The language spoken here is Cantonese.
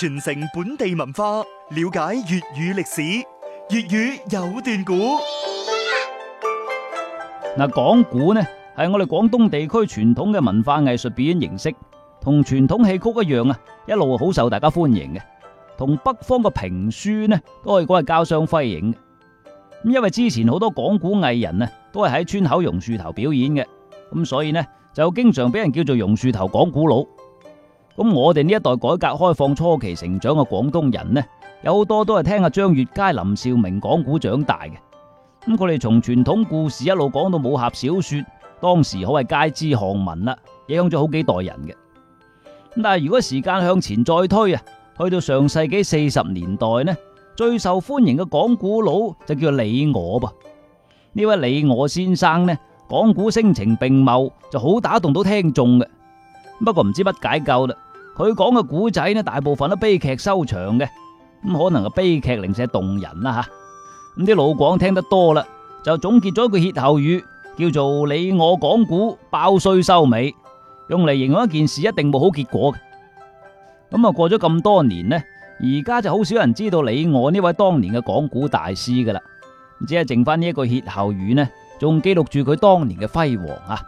傳承本地文化，了解粵語歷史，粵語有段古。嗱，講古呢係我哋廣東地區傳統嘅文化藝術表演形式，同傳統戲曲一樣啊，一路好受大家歡迎嘅。同北方嘅評書呢，都可以講係交相輝映嘅。咁因為之前好多講古藝人呢，都係喺村口榕樹頭表演嘅，咁所以呢就經常俾人叫做榕樹頭講古佬。咁我哋呢一代改革開放初期成長嘅廣東人呢，有好多都係聽阿張悅楷、林兆明講古長大嘅。咁佢哋從傳統故事一路講到武俠小說，當時可謂街知巷聞啦，影響咗好幾代人嘅。咁但係如果時間向前再推啊，去到上世紀四十年代呢，最受歡迎嘅講古佬就叫李我噃。呢位李我先生呢，講古聲情並茂，就好打動到聽眾嘅。不過唔知乜解究啦。佢講嘅古仔呢，大部分都悲劇收場嘅，咁可能係悲劇零舍動人啦、啊、吓，咁啲老廣聽得多啦，就總結咗一句歇後語，叫做李我講古包衰收尾，用嚟形容一件事一定冇好結果嘅。咁啊過咗咁多年呢，而家就好少人知道李我呢位當年嘅講古大師噶啦，只係剩翻呢一個歇後語呢，仲記錄住佢當年嘅輝煌啊！